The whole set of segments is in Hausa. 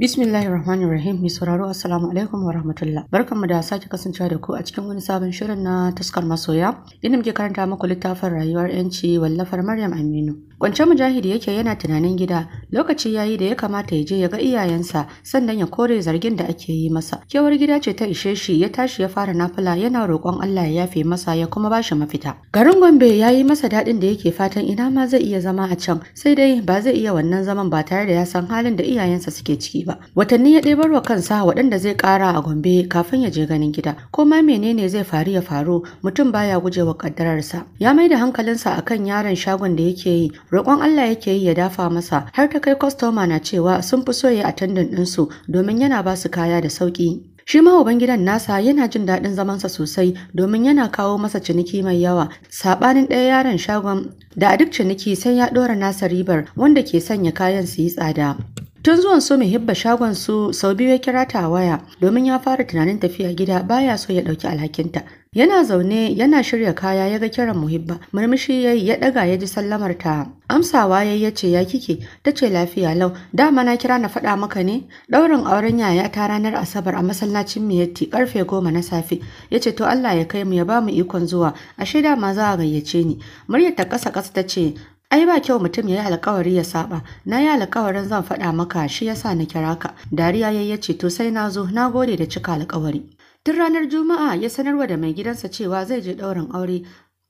Bismillahir Rahmanir Rahim mai sauraro Assalamu alaikum wa rahmatullah. Barkanmu da sake kasancewa da ku a cikin wani sabon shirin na taskar masoya. Ina muke karanta muku littafin rayuwar yanci wallafar Maryam Aminu. Kwance Mujahid yake yana tunanin gida lokaci yayi da ya kamata ya je ya ga iyayensa sannan ya kore zargin da ake yi masa. Kewar gida ce ta ishe shi ya tashi ya fara nafila yana roƙon Allah ya yafe masa ya kuma ba shi mafita. Garin Gombe ya yi masa daɗin da yake fatan ina ma zai iya zama a can sai dai ba zai iya wannan zaman ba tare da ya san halin da iyayensa suke ciki ba. Watanni ya ɗebar wa kansa waɗanda zai ƙara a Gombe kafin ya je ganin gida. Ko ma menene zai faru ya faru mutum baya gujewa ƙaddararsa. Ya mai da hankalinsa akan yaron shagon da yake yi roƙon Allah yake yi ya dafa masa har ta kai kwastoma na cewa sun fi so a attendant ɗinsu domin yana ba su kaya da sauƙi. Shi ma Ubangidan nasa yana jin daɗin zamansa sosai domin yana kawo masa ciniki mai yawa, saɓanin ɗaya yaron shagon da a duk ciniki sai ya ɗora nasa ribar wanda ke sanya kayan su yi tsada. Tun zuwan su hibba shagon su sau biyu ya kira ta waya domin ya fara tunanin tafiya gida baya so ya ɗauki alhakinta Yana zaune yana shirya kaya ya ga kiran Muhibba. Murmushi ya yi, ya ɗaga, ya ji sallamar ta. Amsawa yayyace ya ce ya kike? Ta ce lafiya lau. Dama na kira na faɗa maka ne? Ɗaurin auren yaya ta ranar Asabar a masallacin Miyatti karfe goma na safe. Ya ce to Allah ya kai mu ya ba mu ikon zuwa. Ashe dama za a gayyace ni. Muryar ta kasa kasa ta ce ai ba kyau mutum ya yi alkawari ya saba na yi alkawarin zan faɗa maka shi yasa na kira ka dariya ya ce to sai na zo na gode da cika alkawari Tun ranar Juma'a ya sanarwa da mai gidansa cewa zai je ɗaurin aure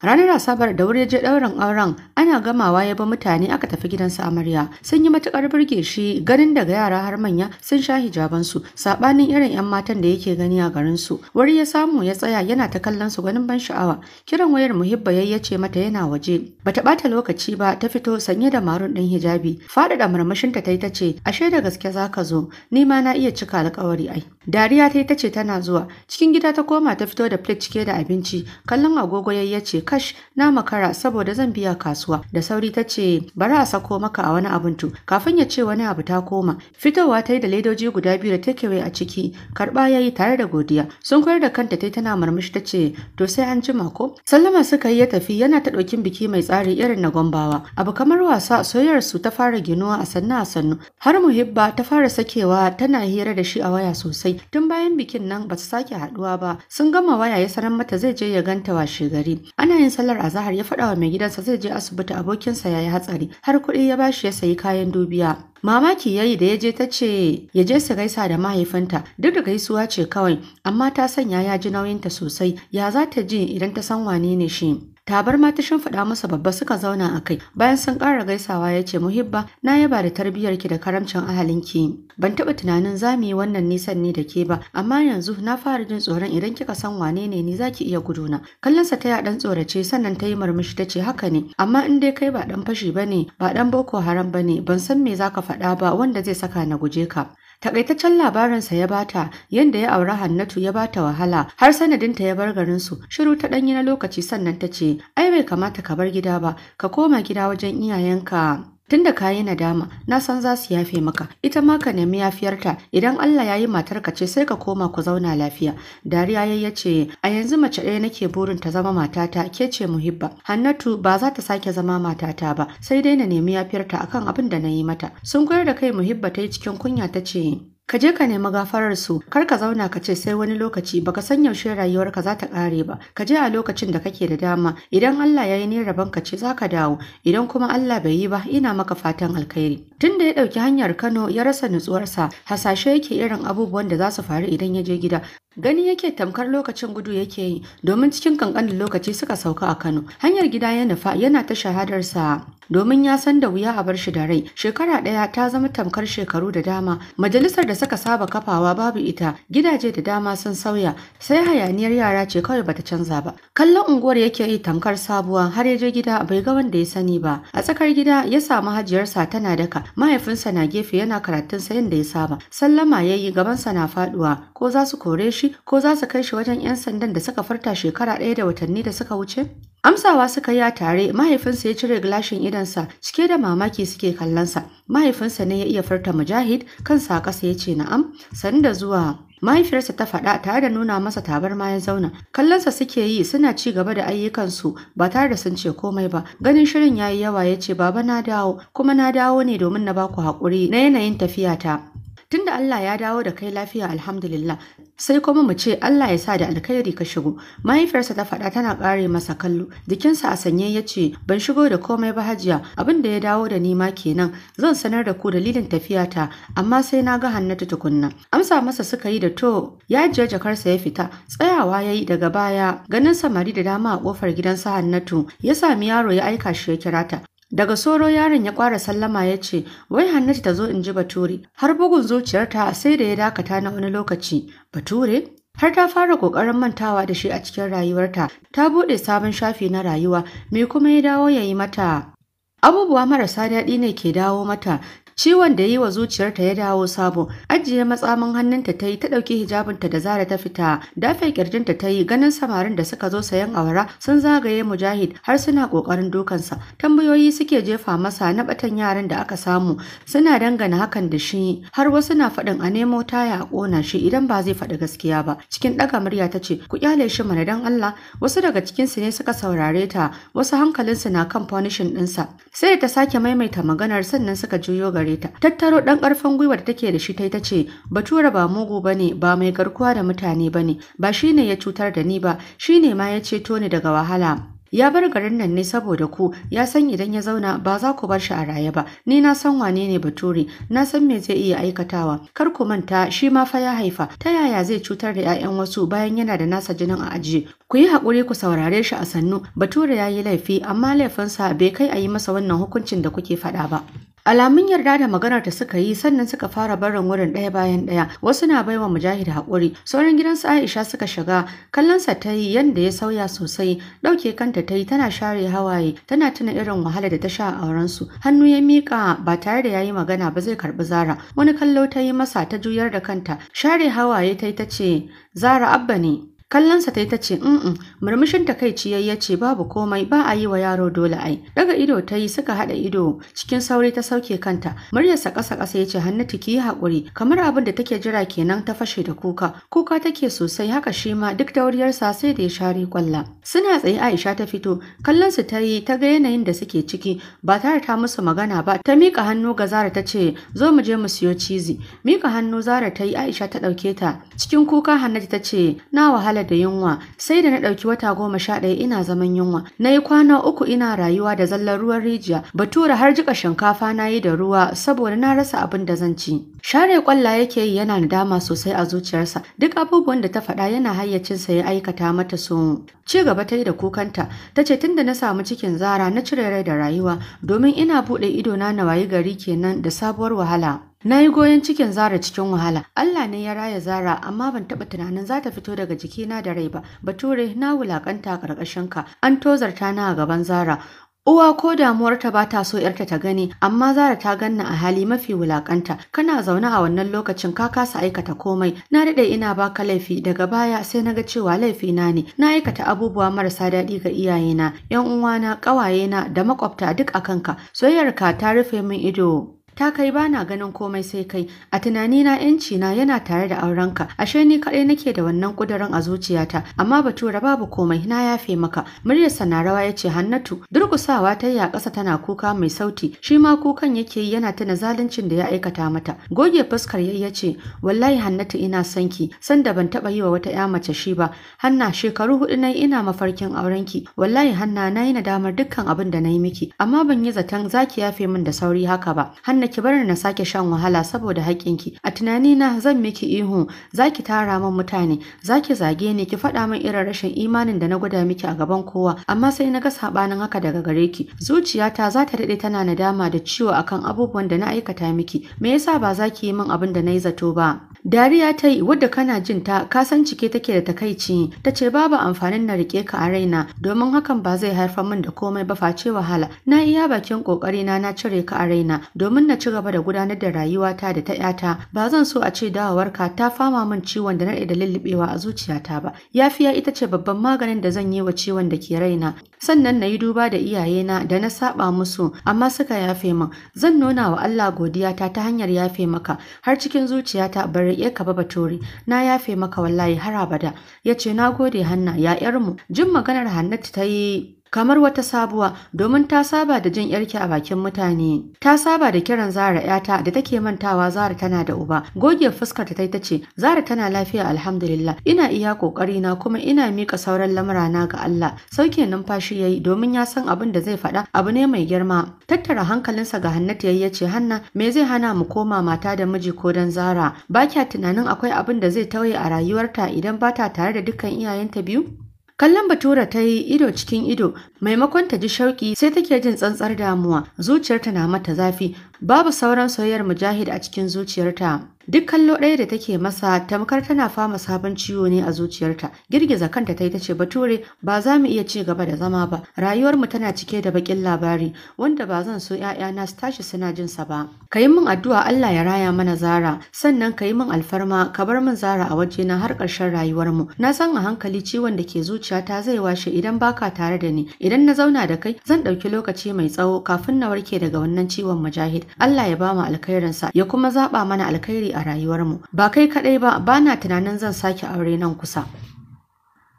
Ranar Asabar da wuri je ɗaurin auren ana gamawa ya bi mutane aka tafi gidansa amarya sun yi matukar burge shi ganin daga yara har manya sun sha hijabansu Saɓanin irin yan matan da yake gani a garinsu. wuri ya samu ya tsaya yana ta kallon su ganin ban sha'awa kiran wayar muhibba yayi ya ce mata yana waje bata bata lokaci ba ta fito sanye da marun din hijabi faɗaɗa murmushin ta tai ce. ashe da gaske za ka zo ni ma na iya cika alƙawari ai dariya tai ce tana zuwa cikin gida ta koma ta fito da plate cike da abinci kallon agogo yayi ya ce kash na makara saboda zan biya kasuwa da sauri ta ce bari a sako maka a wani tu kafin ya ce wani abu ta koma fitowa ta yi da ledoji guda biyu da take a ciki karba ya yi tare da godiya sun koyar da kanta ta tana murmushi ta ce to sai an jima ko sallama suka yi ya tafi yana ta ɗaukin biki mai tsari irin na gombawa abu kamar wasa soyayyar su ta fara ginuwa a sannu a sannu har muhibba ta fara sakewa tana hira da shi a waya sosai tun bayan bikin nan ba su sake haɗuwa ba sun gama waya ya sanar mata zai je ya ganta washe gari ana ana sallar azahar ya faɗa wa mai gidansa zai je asibiti abokinsa ya yi hatsari har kuɗi ya bashi ya sayi kayan dubiya mamaki ya yi da ya je ta ce ya je su gaisa da mahaifinta duk da gaisuwa ce kawai amma ta sanya ya ji nauyinta sosai ya za ta ji idan ta san wane ne shi tabarma ta shimfiɗa masa babba suka zauna a kai bayan sun ƙara gaisawa ya ce muhibba na yaba da tarbiyyar ki da karamcin ahalin ki. ban taɓa tunanin za mu yi wannan nisan ne da ke ba amma yanzu na fara jin tsoron idan kika san wane ne ni za ki iya guduna Kallon sa ta ya ɗan tsorace sannan ta yi murmushi ta ce haka ne amma in dai kai ba ɗan fashi ba ne ba ɗan boko haram ba ne ban san me za ka faɗa ba wanda zai saka na guje ka Takaitaccen labarinsa ya bata yadda ya auri Hannatu ya bata wahala har sanadinta ya bar garinsu. Shiru ta ɗanyi na lokaci sannan ta ce, "Ai bai kamata ka bar gida ba, ka koma gida wajen iyayenka." Tunda ka yi nadama, na san za su yafe maka, ita ma ka nemi yafiyarta idan Allah ya yi matarka ce sai ka koma ku zauna lafiya. Dariya ya ya ce, a yanzu mace ɗaya nake burin ta zama matata ke ce muhibba. Hannatu ba za ta sake zama matata ba, sai dai na nemi yafiyarta akan abin da na yi mata. Sun koyar da kai muhibba ta yi cikin kunya ta ce, Ka je ka nemi gafarar su, kar ka zauna ka ce sai wani lokaci baka san yaushe rayuwarka za ta kare ba. Ka je a lokacin da kake da dama, idan Allah ya yi ne rabon ka ce za dawo, idan kuma Allah bai yi ba ina maka fatan alkhairi. Tun da ya ɗauki hanyar Kano ya rasa nutsuwarsa, hasashe yake irin abubuwan da za su faru idan ya je gida, Gani yake tamkar lokacin gudu yake yi domin cikin kankanin lokaci suka sauka a Kano. Hanyar gida ya nufa yana ta shahadarsa domin ya san da wuya a bar shi da rai. Shekara ɗaya ta zama tamkar shekaru da dama. Majalisar da suka saba kafawa babu ita, gidaje da dama sun sauya, sai hayaniyar yara ce kawai bata canza ba. Kallon unguwar yake yi tamkar sabuwa har ya je gida bai ga wanda ya sani ba. A tsakar gida ya samu hajiyarsa tana daka, mahaifinsa na gefe yana karatun sayan da ya saba. Sallama ya yi gabansa na faduwa ko za su kore shi shi ko za su kai shi wajen 'yan sandan da suka farta shekara ɗaya da watanni da suka wuce? Amsawa suka yi a tare mahaifinsa ya cire gilashin idonsa cike da mamaki suke kallonsa. Mahaifinsa ne ya iya farta mujahid kansa a ƙasa ya ce na'am Sannu da zuwa mahaifiyarsa ta faɗa tare da nuna masa tabarma ya zauna kallonsa suke yi suna ci gaba da ayyukansu ba tare da sun ce komai ba ganin shirin ya yi yawa ya ce baba na dawo kuma na dawo ne domin na baku haƙuri na yanayin tafiyata tunda Allah ya dawo da kai lafiya alhamdulillah sai kuma mu ce Allah ya sa da alkhairi ka shigo mahaifiyarsa ta faɗa tana ƙare masa kallo jikinsa a sanye ya ce ban shigo da komai ba hajiya abin da ya dawo da nima kenan zan sanar da ku dalilin tafiyata amma sai na ga hannatu tukunna amsa masa suka yi da to ya jiya jakarsa ya fita tsayawa ya yi daga baya ganin samari da dama a ƙofar gidansa hannatu ya sami yaro ya aika shi ya kira ta Daga soro yaron ya ƙwara sallama ya ce, wai Hannatu ta zo in ji Bature, har bugun zuciyarta sai da ya dakata na wani lokaci. Bature? Har ta fara ƙoƙarin mantawa da shi a cikin rayuwarta, ta buɗe sabon shafi na rayuwa, me kuma ya dawo ya yi mata. Abubuwa marasa daɗi ne ke dawo mata, Ciwon da yi wa zuciyarta ya dawo sabo. Ajiye matsamin hannunta ta yi ta ɗauki hijabinta da Zara ta fita. Dafe kirjinta ta yi ganin samarin da suka zo sayan awara sun zagaye Mujahid har suna ƙoƙarin dukansa. Tambayoyi suke jefa masa na batan yaran da aka samu. Suna dangana hakan da shi har wasu na faɗin a nemo taya a ƙona shi idan ba zai faɗi gaskiya ba. Cikin ɗaga murya ta ce ku kyale shi mana dan Allah. Wasu daga cikinsu ne suka saurare ta wasu hankalinsu na kan punishing ɗinsa. Sai ta sake maimaita maganar sannan suka juyo gari gare ta tattaro dan karfan gwiwar da take da shi ta ce bature ba mugu bane ba mai garkuwa da mutane bane ba shine ya cutar da ni ba shine ma ya ceto ni daga wahala ya bar garin nan ne saboda ku ya san idan ya zauna ba za ku bar shi a raye ba ni na san wane ne bature na san me zai iya aikatawa kar ku manta shi ma fa ya haifa ta yaya zai cutar da 'ya'yan wasu bayan yana da nasa jinin a ajiye ku yi haƙuri ku saurare shi a sannu bature ya yi laifi amma laifinsa bai kai a yi masa wannan hukuncin da kuke faɗa ba Alamun yarda da maganar da suka yi sannan suka fara barin wurin ɗaya bayan ɗaya. Wasu na baiwa Mujahid haƙuri. Sauran su Aisha suka shiga. Kallonsa ta yi yanda ya sauya sosai. Ɗauke kanta ta yi tana share hawaye. Tana tuna irin wahala da ta sha a aurensu. Hannu ya mika ba tare da ya yi magana ba zai karɓi Zara. Wani kallo ta yi masa ta juyar da kanta. Share hawaye ta yi ta ce, Zara abba ne. Kallonsa ta yi ta ce, "Mm, murmushin takaici ya ce babu komai ba a yi wa yaro dole ai." Daga ido ta yi suka haɗa ido cikin sauri ta sauke kanta. Muryarsa ƙasa-ƙasa ya ce, "Hannatu ki yi haƙuri." Kamar abin da take jira kenan ta fashe da kuka. Kuka take sosai haka shi ma duk dauriyarsa sai da ya share kwalla. Suna tsayi Aisha ta fito, kallon ta yi ta ga yanayin da suke ciki ba tare ta musu magana ba. Ta miƙa hannu ga Zara ta ce, "Zo mu je mu siyo cizi." Miƙa hannu Zara ta yi Aisha ta ɗauke ta. Cikin kuka Hannatu ta "Na wahala da yunwa sai da na ɗauki wata goma sha ɗaya ina zaman yunwa na yi kwana uku ina rayuwa da zallar ruwan rijiya batura har jika shinkafa na yi da ruwa saboda na rasa abin da zan ci share kwalla yake yi yana dama sosai a zuciyarsa duk abubuwan da ta faɗa yana hayyacinsa ya aikata mata su ci gaba ta yi da kukanta ta ce tunda na samu cikin zara na cire rai da rayuwa domin ina buɗe idona na wayi gari kenan da sabuwar wahala Na yi goyon cikin Zara cikin wahala. Allah ne ya raya Zara amma ban taɓa tunanin za ta fito daga jikina da rai ba. Bature na wulakanta ka. An tozarta na a gaban Zara. Uwa ko damuwarta ba ta so ‘yarta ta gani, amma Zara ta ganna a hali mafi wulakanta. Kana zaune a wannan lokacin ka kasa aikata komai. Na daɗe ina baka laifi daga baya sai na ga cewa laifi na ne. Na aikata abubuwa marasa daɗi ga iyayena, ‘yan uwana, ƙawayena da maƙwabta duk a kanka. Soyayyarka ta rufe min ido ta kai bana ganin komai sai kai a tunanina yanci na yana tare da aurenka ashe ni kaɗai nake da wannan kudirin a zuciyata amma Bature babu komai na yafe maka muryarsa na rawa yace hannatu Durƙusawa ta yi a ƙasa tana kuka mai sauti shi ma kukan yake yi yana tuna zaluncin da ya aikata mata goge fuskar yayi yace wallahi hannatu ina son ki san da ban taɓa yi wa wata ya mace shi ba hanna shekaru hudu na ina mafarkin aurenki wallahi hanna na yi nadamar dukkan abin da na yi miki amma ban yi zaton zaki yafe min da sauri haka ba hanna da ki bari na sake shan wahala saboda haƙƙinki. A tunani na zan miki ihu, zaki tara min mutane, zaki zage ni, ki faɗa min irin rashin imanin da na gwada miki a gaban kowa, amma sai na ga saɓanin haka daga gare ki. Zuciyata za ta daɗe tana nadama da ciwo akan abubuwan da na aikata miki. Me yasa ba za ki yi min abin da na yi zato ba? Dariya ta yi wadda kana jin ta kasan cike take da takaici ta ce babu amfanin na rike ka a raina domin hakan ba zai haifar min da komai ba face wahala. Na iya bakin kokari na na cire ka a raina domin na ci gaba da gudanar da rayuwata da ta yata ba zan so a ce dawowarka ta fama min ciwon da na da lullubewa a zuciyata ba. Yafiya ita ce babban maganin da zan yi wa ciwon da ke raina sannan na yi duba da iyayena da na saba musu amma suka yafe min zan nuna wa Allah godiyata ta hanyar yafe maka har cikin zuciyata bari riƙe ka ba bature na yafe maka wallahi har abada yace gode hanna ya yarmu jin maganar Hannatu ta yi kamar wata sabuwa domin ta saba da jin yarki a bakin mutane. Ta saba da kiran Zara ‘yata da take mantawa Zara tana da uba. Goge fuskar ta ta ce, Zara tana lafiya alhamdulillah, ina iya kokari na kuma ina mika sauran lamurana ga Allah. Sauke numfashi yayi domin ya san abin da zai faɗa abu ne mai girma. Tattara hankalinsa ga Hannatu yayi ce, Hanna, me zai hana mu koma mata da miji ko dan Zara? Ba kya tunanin akwai abin da zai tauye a rayuwarta idan ba ta tare da dukkan iyayenta biyu? Kallon Batura ta yi ido cikin ido, maimakon ta ji shauƙi sai take jin tsantsar damuwa, zuciyarta na mata zafi, babu sauran soyayyar mujahid a cikin zuciyarta duk kallo ɗaya da take masa tamkar tana fama sabon ciwo ne a zuciyarta girgiza kanta ta yi tace bature ba za mu iya ci gaba da zama ba rayuwar mu tana cike da bakin labari wanda ba zan so ƴaƴana su tashi suna jin sa ba ka yi min addu'a Allah ya raya mana Zara sannan ka yi min alfarma ka bar min Zara a waje na har ƙarshen rayuwar mu na san a hankali ciwon da ke zuciyata zai washe idan baka tare da ni idan na zauna da kai zan ɗauki lokaci mai tsawo kafin na warke daga wannan ciwon mujahid Allah ya ba bamu alkhairinsa ya kuma zaba mana alkhairi a rayuwarmu ba kai kadai ba bana tunanin zan sake aure nan kusa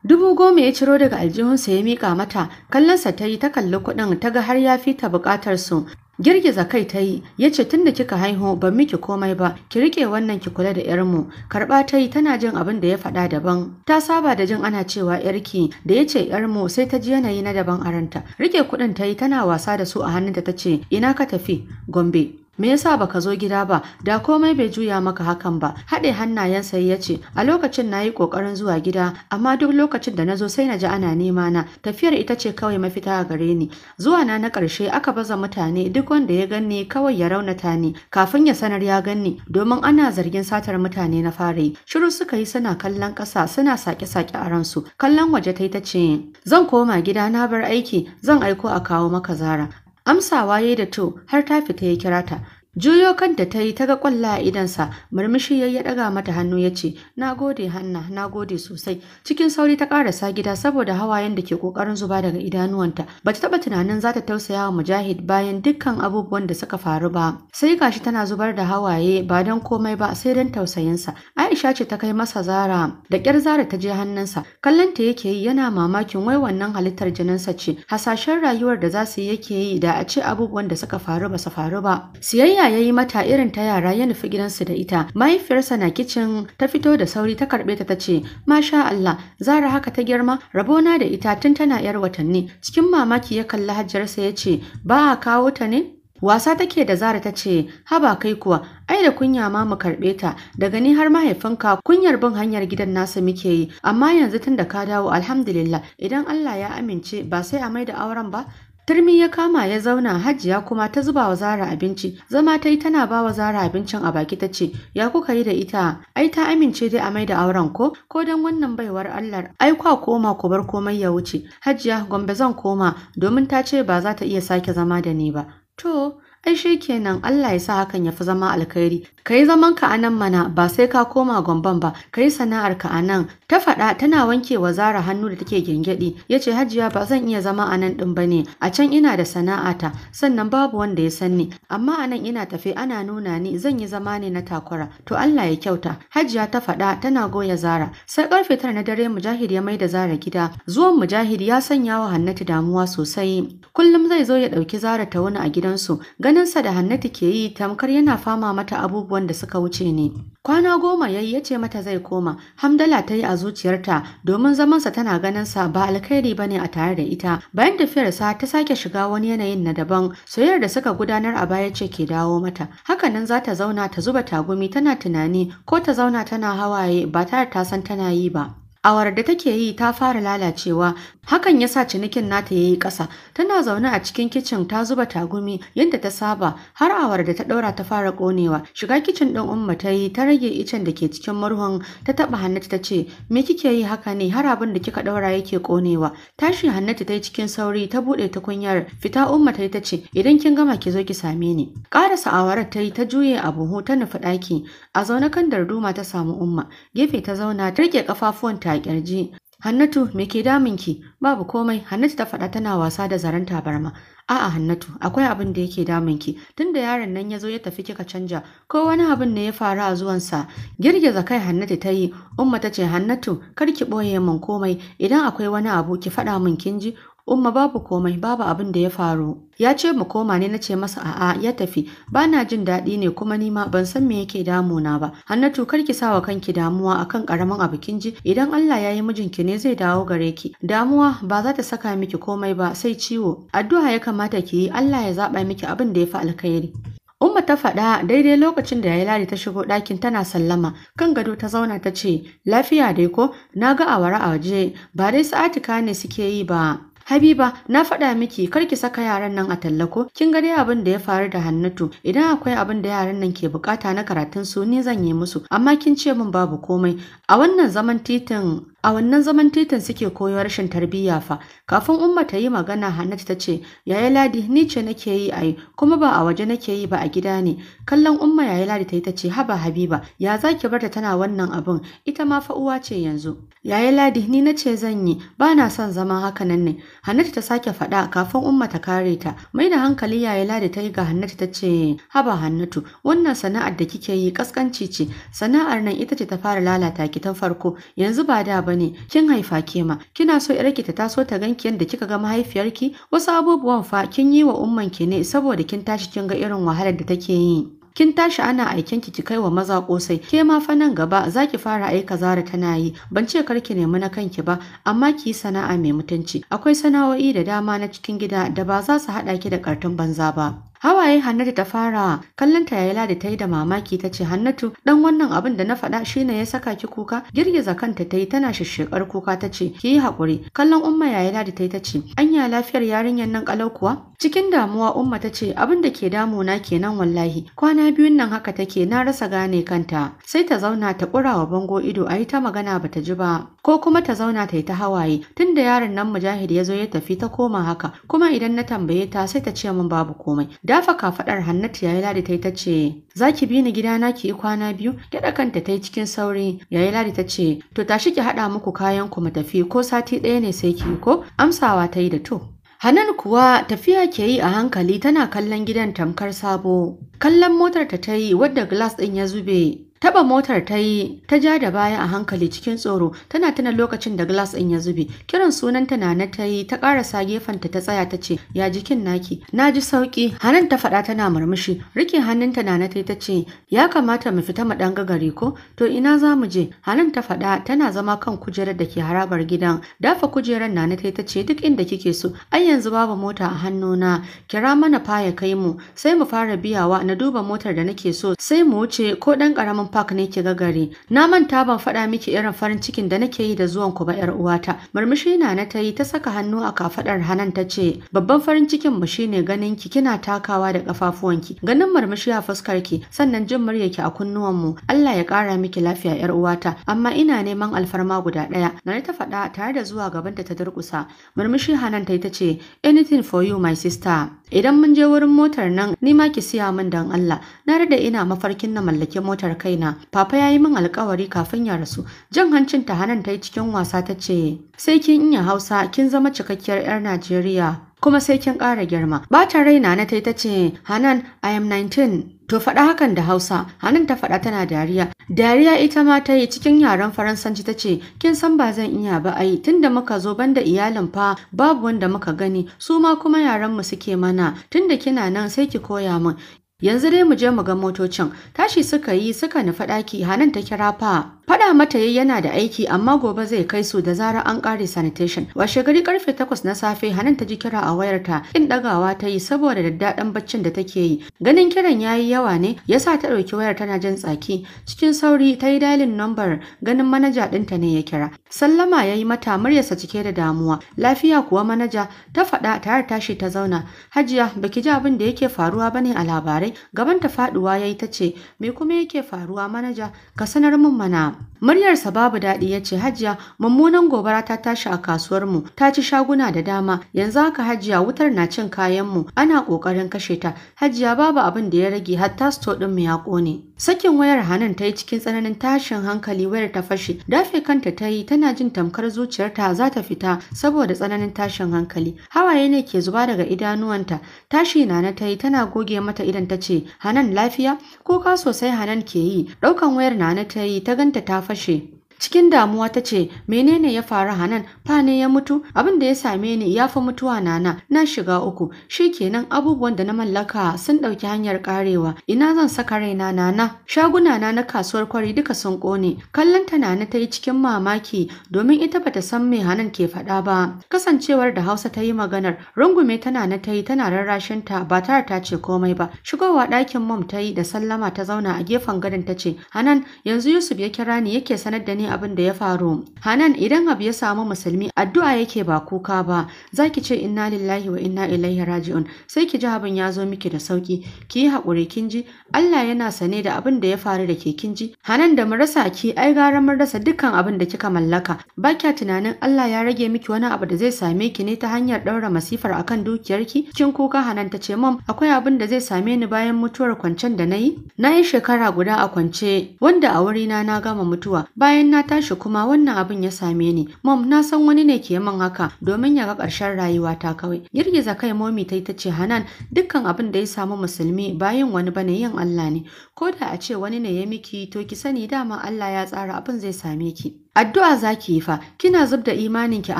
Dubu goma ya ciro daga aljihunsa ya mika mata, kallonsa ta yi ta kalli kuɗin ta ga har ya fita buƙatar su, girgiza kai ta yi ya ce tunda kika haihu ban miki komai ba ki rike wannan ki kula da yarmu karɓa ta yi tana jin abin da ya faɗa daban ta saba da jin ana cewa yarki da ya ce yarmu sai ta ji yanayi na daban a ranta rike kuɗin ta yi tana wasa da su a hannunta ta ce ina ka tafi gombe me yasa baka zo gida ba da komai bai juya maka hakan ba haɗe hannayensa ya ce a lokacin na yi ƙoƙarin zuwa gida amma duk lokacin da na zo sai na ji ana nema na tafiyar ita ce kawai mafita a gare ni zuwa na na ƙarshe aka baza mutane duk wanda ya ganni kawai ya raunata ni kafin ya sanar ya ganni domin ana zargin satar mutane na fara shiru suka yi suna kallon ƙasa suna saƙe-saƙe a ransu kallon waje ta yi ta ce zan koma gida na bar aiki zan aiko a kawo maka zara amsawa yayi da to har ta fita ya kira ta Juyo da ta yi ta ga kwalla a idansa, murmushi ya ya ɗaga mata hannu ya ce, Na gode Hanna, na gode sosai. Cikin sauri ta sa gida saboda hawayen da ke ƙoƙarin zuba daga idanuwanta. Ba ta taɓa tunanin za ta tausaya wa Mujahid bayan dukkan abubuwan da suka faru ba. Sai gashi tana zubar da hawaye ba don komai ba sai don tausayinsa. Aisha ce ta kai masa Zara, da ƙyar Zara ta je hannunsa. Kallonta yake yi yana mamakin wai wannan halittar jininsa ce. Hasashen rayuwar da za su yi yake yi da a ce abubuwan da suka faru ba su faru ba. Siyayya Kira ya yi mata irin ta yara ya nufi gidansu da ita. Mahaifiyarsa na kicin ta fito da sauri ta karɓe ta ta ce, Masha Allah, Zara haka ta girma, Rabo na da ita tun tana 'yar watanni. Cikin mamaki ya kalli hajjarsa ya ce, Ba a kawo ta ne? Wasa take da Zara ta ce, haba kai kuwa, ai da kunya ma mu karɓe ta, daga ni har mahaifinka kunyar bin hanyar gidan nasa muke yi, amma yanzu tun da ka dawo alhamdulillah, idan Allah ya amince ba sai a maida auren ba, Turmi ya kama ya zauna hajiya kuma ta zuba wa Zara abinci. Zama ta yi tana ba wa Zara abincin a baki ta ce, "Ya kuka yi da ita? Ai ta amince dai a mai da auren ko? Ko dan wannan baiwar Allah? Ai kwa koma ku bar komai ya wuce." Hajiya Gombe zan koma domin ta ce ba za ta iya sake zama da ni ba. To, ai shi kenan Allah ya sa hakan ya fi zama alkhairi kai zaman ka anan mana ba sai ka koma gomban ba kai sana'ar ka anan ta faɗa tana wanke wa zara hannu da take gyangyaɗi ya ce hajiya ba zan iya zama anan din ba ne a can ina da sana'ata sannan babu wanda ya sanni. ni amma anan ina tafe ana nuna ni zan yi zama ne na takwara to Allah ya kyauta hajiya ta faɗa tana goya zara sai karfe tara na dare mujahid ya mai da zara gida zuwan mujahid ya sanya wa hannatu damuwa sosai kullum zai zo ya ɗauki zara ta wuni a gidansu gan Ganinsa da Hannatu ke yi tamkar yana fama mata abubuwan da suka wuce ne. Kwana goma yayi ya ce mata zai koma, Hamdala ta yi a zuciyarta domin zamansa tana ganin sa ba alkhairi ba ne a tare da ita. Bayan tafiyarsa ta sake shiga wani yanayin na daban, soyayyar da suka gudanar a baya ce ke dawo mata. Hakanan za ta zauna ta zuba tagumi tana tunani ko ta zauna tana hawaye ba tare ta san tana yi ba. awar da take yi ta fara lalacewa hakan ya sa cinikin nata ya yi ƙasa tana zaune a cikin kicin ta zuba tagumi yadda ta saba har awar da ta ɗaura ta fara ƙonewa shiga kicin ɗin umma ta yi ta rage icen da ke cikin murhun ta taɓa hannatu ta ce me kike yi haka ne har abin da kika ɗaura yake ƙonewa tashi hannatu ta yi cikin sauri ta buɗe tukunyar fita umma ta yi ta ce idan kin gama ki zo ki same ni ƙarasa awarar ta yi ta juye a buhu ta nufi ɗaki a zaune kan darduma ta samu umma gefe ta zauna ta ƙafafuwan ta kirji Hannatu me ke damun ki? Babu komai, Hannatu ta faɗa tana wasa da zaren tabarma. A'a Hannatu, akwai abin da yake damun ki. Tunda yaron nan ya zo ya tafi kika canja, ko wani abin da ya faru a zuwansa. Girgiza kai Hannatu ta yi, Umma ta ce Hannatu, kar ki ɓoye min komai, idan akwai wani abu ki faɗa min kin ji, Umma babu komai babu abin da ya faru. Ya ce mu koma ne na ce masa a'a ya tafi Bana jin daɗi ne kuma nima ban san me yake damu na ba. Hannatu kar ki sawa kanki damuwa akan karamin abu kin ji idan Allah ya yi mijinki ne zai dawo gare ki. Damuwa ba za ta saka miki komai ba sai ciwo. Addu'a ya kamata ki yi Allah ya zaɓa miki abin da ya fi alkhairi. Umma ta faɗa daidai lokacin da yayi Ladi ta shigo ɗakin tana sallama kan gado ta zauna ta ce lafiya dai ko na ga awara a waje ba dai sa'atika ne suke yi ba Habiba na faɗa miki kar ki saka yaran nan a tallako kin ga dai abin da ya faru da Hannatu idan akwai abin da yaran nan ke bukata na karatun su ni zan yi musu amma kin ce min babu komai a wannan zaman titin a wannan zaman titin suke koyo rashin tarbiyya fa kafin umma ta yi magana hannatu ta ce yaya ladi ni ce nake yi ai kuma ba a waje nake yi ba a gida ne kallon umma yaya ladi ta yi ta ce haba habiba ya zaki barta tana wannan abun ita ma fa uwa ce yanzu yaya ladi ni na ce zan yi ba na son zama haka nan ne hannatu ta sake faɗa kafin umma ta kare ta mai da hankali yaya ladi ta yi ga hannatu ta ce haba hannatu wannan sana'ar da kike yi kaskanci ce sana'ar nan ita ce ta fara lalata ki ta farko yanzu ba da ba ne kin haifa ke ma kina so yarki ta taso ta ganki yadda kika ga mahaifiyarki wasu abubuwan fa kin yi wa umman ki ne saboda kin tashi kin ga irin wahalar da take yi kin tashi ana aiken ki kai wa maza kosai ke ma fa nan gaba zaki fara aika zara tana yi ban ce karki nemi na kanki ba amma ki sana'a mai mutunci akwai sana'o'i da dama na cikin gida da ba za su hada ki da kartun banza ba Hawaye Hannatu ta fara kallon ta yayi ladi ta yi da mamaki ta ce Hannatu dan wannan abin da na faɗa shine ya saka ki kuka girgiza kanta ta yi tana shishshekar kuka ta ce ki yi haƙuri kallon umma yayi ladi ta yi ta ce anya lafiyar yarinyar nan kalau kuwa cikin damuwa umma ta ce abin da ke damuna kenan wallahi kwana biyun nan haka take na rasa gane kanta sai ta zauna ta ƙura bango ido a yi ta magana bata ji ba ko kuma ta zauna ta yi ta hawaye tunda yaron nan mujahid ya zo ya tafi ta koma haka kuma idan na tambaye ta sai ta ce min babu komai Dafa kafaɗar Hannatu yayi Ladi ta tace, "Zaki ce, "Za ki bi ni gidana ki yi kwana biyu?" Gyaɗa kanta ta cikin sauri. Yayi Ladi tace "To tashi ki haɗa muku kayan ku mu tafi ko sati ɗaya ne sai ki ko?" Amsawa ta da to. Hanan kuwa tafiya ke yi a hankali tana kallon gidan tamkar sabo. Kallon motar ta ta yi wadda glass ɗin ya zube Taba motar ta yi ta ja da baya a hankali cikin tsoro tana tunan lokacin da glass ɗin ya zube. Kiran sunan ta na ta yi ta karasa gefenta ta tsaya ta ce ya jikin naki na ji sauki Hanan ta faɗa tana murmushi rike hannunta na ta ta ce ya kamata mu fita mu dan gagari ko to ina za mu je Hanan ta faɗa tana zama kan kujerar da ke harabar gidan dafa kujerar Nana ta ta ce duk inda kike so ai yanzu babu mota a hannuna kira mana fa ya kai mu sai mu fara biyawa na duba motar da nake so sai mu wuce ko ɗan ƙaramin Crown Park ne ki ga gari. Na manta ban faɗa miki irin farin cikin da nake yi da zuwan ku ba 'yar uwata. Murmushi na na ta ta saka hannu a kafaɗar Hanan ta ce, "Babban farin cikin mu shine ganin ki kina takawa da ki? Ganin murmushi a fuskar ki, sannan jin murya ki a kunnuwan mu. Allah ya ƙara miki lafiya 'yar uwata, amma ina neman alfarma guda ɗaya." Na ta faɗa tare da zuwa gaban ta ta durƙusa. Murmushi Hanan ta ta ce, "Anything for you my sister." Idan mun je wurin motar nan, ni ma ki siya min dan Allah. Na rada ina mafarkin na mallaki motar kai kaina papa ya yi min alƙawari kafin ya rasu jan hancin ta hanan ta cikin wasa ta ce sai kin iya hausa kin zama cikakkiyar 'yar najeriya kuma sai kin ƙara girma ba ta raina na ta yi ta ce hanan i am 19 To faɗa hakan da Hausa, hanan ta faɗa tana dariya. Dariya ita ma ta yi cikin yaren Faransanci ta ce, "Kin san ba zan iya ba ai, tunda muka zo banda iyalin fa babu wanda muka gani, su ma kuma yaren mu suke mana, tunda kina nan sai ki koya min." yanzu dai mu je mu ga motocin tashi suka yi suka nufi ɗaki hanan ta kira fa Faɗa mata yayi yana da aiki amma gobe zai kai su da zarar an ƙare sanitation. Washe gari karfe 8 na safe Hanan ta ji kira a wayarta in ɗagawa ta yi saboda daddaɗan baccin da take yi. Ganin kiran yayi yawa ne yasa ta ɗauki wayar tana jin tsaki. Cikin sauri ta yi dialing number ganin manaja ɗinta ne ya kira. Sallama yayi mata muryarsa cike da damuwa. Lafiya kuwa manaja ta faɗa tare tashi ta zauna. Hajiya baki ji abin da yake faruwa bane a labarai. gabanta faduwa yayi ce, me kuma yake faruwa manaja ka sanar min mana muryarsa babu daɗi ya ce hajiya mummunan gobara ta tashi a kasuwar mu ta ci shaguna da dama yanzu haka hajiya wutar na cin kayan mu ana ƙoƙarin kashe ta hajiya babu abin da ya rage hatta sto ɗinmu mu ya ƙone Sakin wayar hannun ta yi cikin tsananin tashin hankali wayar ta fashe. Dafe kanta ta yi tana jin tamkar zuciyarta za ta fita saboda tsananin tashin hankali. Hawaye ne ke zuba daga idanuwanta. Tashi na na ta yi tana goge mata idan ta ce, Hanan lafiya? Ko ka sosai Hanan ke yi. Ɗaukan wayar na na ta yi ta ganta ta fashe. Cikin damuwa ta ce, menene ya faru Hanan, fa ne ya mutu, abin da ya same ni ya fi mutuwa nana, na shiga uku, shi kenan abubuwan da na mallaka sun ɗauki hanyar karewa. ina zan saka raina nana, shaguna na na kasuwar kwari duka sun kone. kallon ta nana ta yi cikin mamaki domin ita bata san me Hanan ke faɗa ba, kasancewar da Hausa ta yi maganar, rungume ta nana ta yi tana rarrashin ta ba tare ta ce komai ba, shigowa ɗakin mom ta yi da sallama ta zauna a gefen gadon ta ce, Hanan yanzu Yusuf ya kira ni yake sanar da ni ne abin da ya faru hanan idan abu ya samu musulmi addu'a yake ba kuka ba zaki ce inna lillahi wa inna ilaihi raji'un sai ki ji abin ya zo miki da sauki ki yi haƙuri kin ji Allah yana sane da abin da ya faru da ke kin ji hanan da mu rasa ki ai gara mun rasa dukkan abin da kika mallaka ba kya tunanin Allah ya rage miki wani abu da zai same ki ne ta hanyar ɗaura masifar akan dukiyarki kin kuka hanan ta ce mom akwai abin da zai same ni bayan mutuwar kwancen da na yi na yi shekara guda a kwance wanda a wurina na gama mutuwa bayan na tashi kuma wannan abin ya same ni mom na san wani ne ke min haka domin ya ga ƙarshen rayuwata kawai girgiza kai momi ta ce hanan dukkan abin da ya samu musulmi bayan wani bane yin Allah ne ko da a ce wani ne ya miki to ki sani dama Allah ya tsara abin zai same ki Addu'a za ki yi fa, kina zub da imaninki a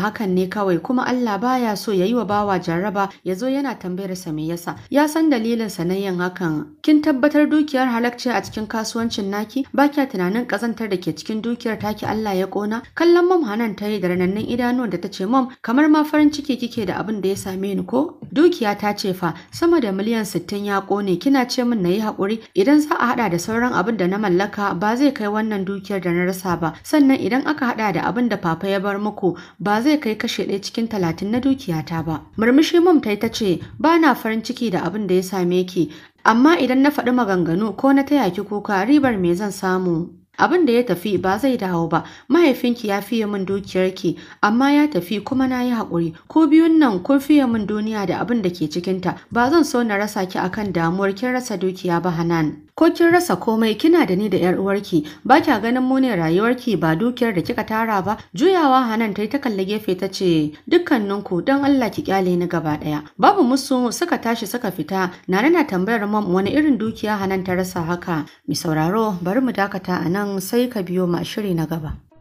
hakan ne kawai kuma Allah baya so ya yi wa bawa jarraba ya zo yana tambayar sa me yasa. Ya san dalilin sa na yin hakan. Kin tabbatar dukiyar halakci a cikin kasuwancin naki? Ba kya tunanin ƙazantar da ke cikin dukiyar taki Allah ya kona? Kallon mam Hanan ta yi da ranannin idanuwan da ta ce mam kamar ma farin ciki kike da abin da ya same ni ko? Dukiya ta ce fa sama da miliyan sittin ya kone kina ce min na yi haƙuri idan za a haɗa da sauran abin da na mallaka ba zai kai wannan dukiyar da na rasa ba sannan idan idan aka hada da abin da papa ya bar muku ba zai kai kashe ɗaya cikin talatin na dukiyata ba. Murmushi mum ta ta ce ba na farin ciki da abin da ya same ki amma idan na faɗi maganganu ko na taya ki kuka ribar me zan samu. Abin da ya tafi ba zai dawo ba, mahaifinki ya fiye min dukiyarki, amma ya tafi kuma na yi haƙuri, ko biyun nan kun fiye min duniya da abin da ke cikinta, ba zan so na rasa ki akan damuwar kin rasa dukiya ba Hanan. Ko kin rasa komai kina da ni da ‘yar uwarki, ba kya ganin mu ne rayuwarki ba dukiyar da kika tara ba, juyawa Hanan ta ta kalle gefe ta ce, Dukkaninku, don Allah ki kyale ni gaba ɗaya. Babu musu suka tashi suka fita, Nana na tambayar mam wani irin dukiya Hanan ta rasa haka. Mi sauraro bari mu dakata anan sai ka biyo ma shiri na gaba.